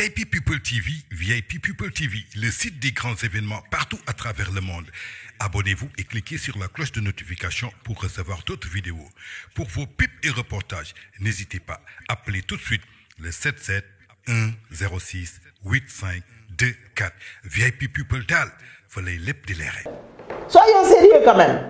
VIP People TV, VIP People TV, le site des grands événements partout à travers le monde. Abonnez-vous et cliquez sur la cloche de notification pour recevoir d'autres vidéos. Pour vos pipes et reportages, n'hésitez pas, appelez tout de suite le 77 106 85 24. VIP People DAL, fallait les Soyons sérieux quand même.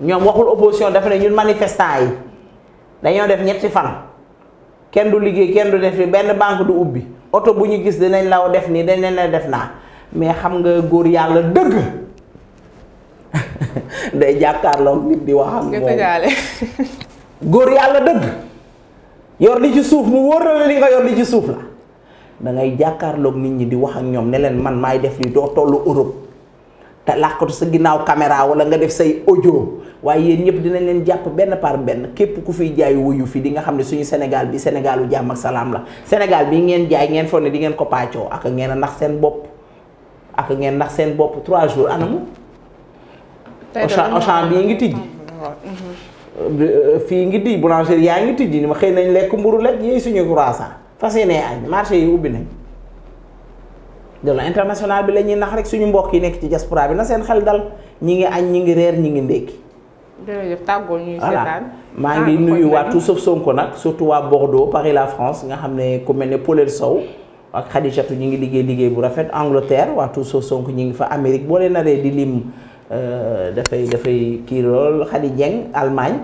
ñoom waxul opposition dafa ne ñun manifestant yi dañoo def ñetti fan kenn du liggéey kenn du def ni benn banque du ubbi oto bu ñu gis dinañ law def nii dañ leen def naa mais xam nga góor yàlla dëgg day jàkkaarloog nit di wax ak moom góor yàlla dëgg yor li ci suuf mu wóor na li ci suuf la da nit ñi di wax ak ñoom ne leen man maay def li doo tollu Europe te làqatu sa ginnaaw caméra wala nga def say audio waye yeen ñep dinañ leen japp ben par ben képp ku fi jaay wuyu fi di nga xam suñu Sénégal bi Sénégalu jamm ak salam la Sénégal bi ngeen jaay ngeen fonni di ngeen ko paccio ak ngeen nax seen bop ak ngeen nax seen bop 3 jours anamu. Auchan Auchan bii ngi tijji. Mhm. Euh, fi ngi di boulangerie ya ngi tijji ni ma xey nañ lek mburu lek yéey suñu croissant fasiyene ay marché yi ubbi nañ. de international bi la nax rek suñu mbokk yi nekk ci diaspora bi na seen xel dal ñi ngi añ ñi ngi reer ñi ngi ndékki. jërëjëf tàggoo ñuy seetaan maa ngi ah, nuyu waa tout Sonko nag surtout waa Bordeaux Paris la France nga xam ne ku mel ne Paulel Sow ak Khadijatou ñi ngi liggéey liggéey bu rafet Angleterre waa tout Sonko ñi ngi fa Amérique boo leen naree di lim euh, dafay dafay kii lool Khady Dieng Allemagne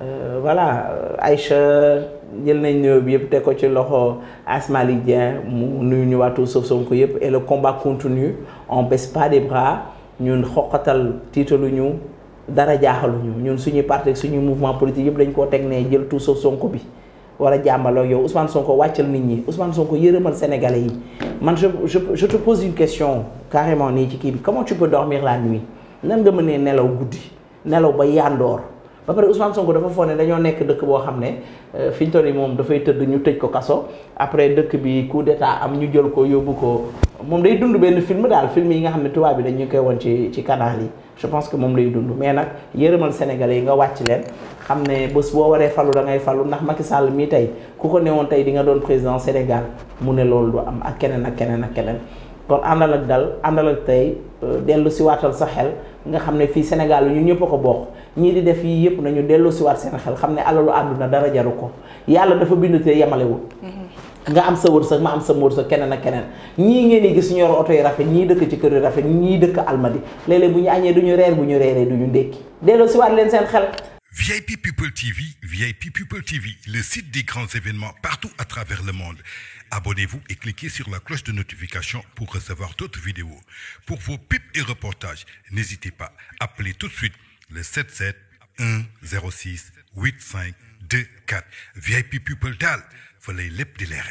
ay euh, Aïcha. jël nañ bi yëpp teg ko ci loxo Asmali Dieng mu nuyu ñu waatu sauf Sonko yëpp et le combat continue on baisse pas des bras ñun xoqatal ñu dara jaaxalu ñu ñun suñuy parti suñu mouvement politique yëpp dañ koo teg ne jël tout sauf Sonko bi war a jàmbaloo yow Ousmane Sonko wàccal nit ñi Ousmane Sonko yërëmal sénégalais yi man je je je te pose une question carrément nii ci kii bi comment tu peux dormir la nuit nan nga mënee nelaw guddi nelaw ba yandoor ba pare Ousmane Sonko dafa foog dañoo nekk dëkk boo xam ne euh, fi ñu toll nii moom dafay tëdd ñu tëj ko kaso après dëkk bi coup d'état am ñu jël ko yóbbu ko moom day dund benn film daal film yi nga xam ne tubaab bi dañu koy woon ci ci canal yi je pense que moom lay dund mais nag yërëmal Sénégalais yi nga wàcc leen xam ne bés boo waree falu da ngay falu ndax Macky Sall mii tey ku ko newoon tey di nga doon président Sénégal mu ne loolu du am ak keneen ak keneen ak keneen. kon àndal ak dal andal ak tey euh, dellu si watal sa xel nga xam ne fii Sénégal ñun ñëpp ko bokk ñii di def yii yëpp nañu dellu si waat seen xel xam ne alalu àdduna dara jaru ko yàlla dafa bind te yemalewul mm-hmm. nga am sa wërsëg ma am sa wërsëg keneen ak keneen ñii ngeen di gis ñu yor oto yi rafet ñii dëkk ci kër yi rafet ñii dëkk almadi léeg-léeg bu ñu añee duñu ñu reer bu ñu reeree du ndékki delloo si waat leen seen xel. VIP People TV VIP People TV le site des grands événements partout à travers le monde abonnez-vous et cliquez sur la cloche de notification pour recevoir d'autres vidéos. Pour vos pipes et reportages, n'hésitez pas, appelez tout de suite le 77 106 85 24. VIP People DAL, Vous les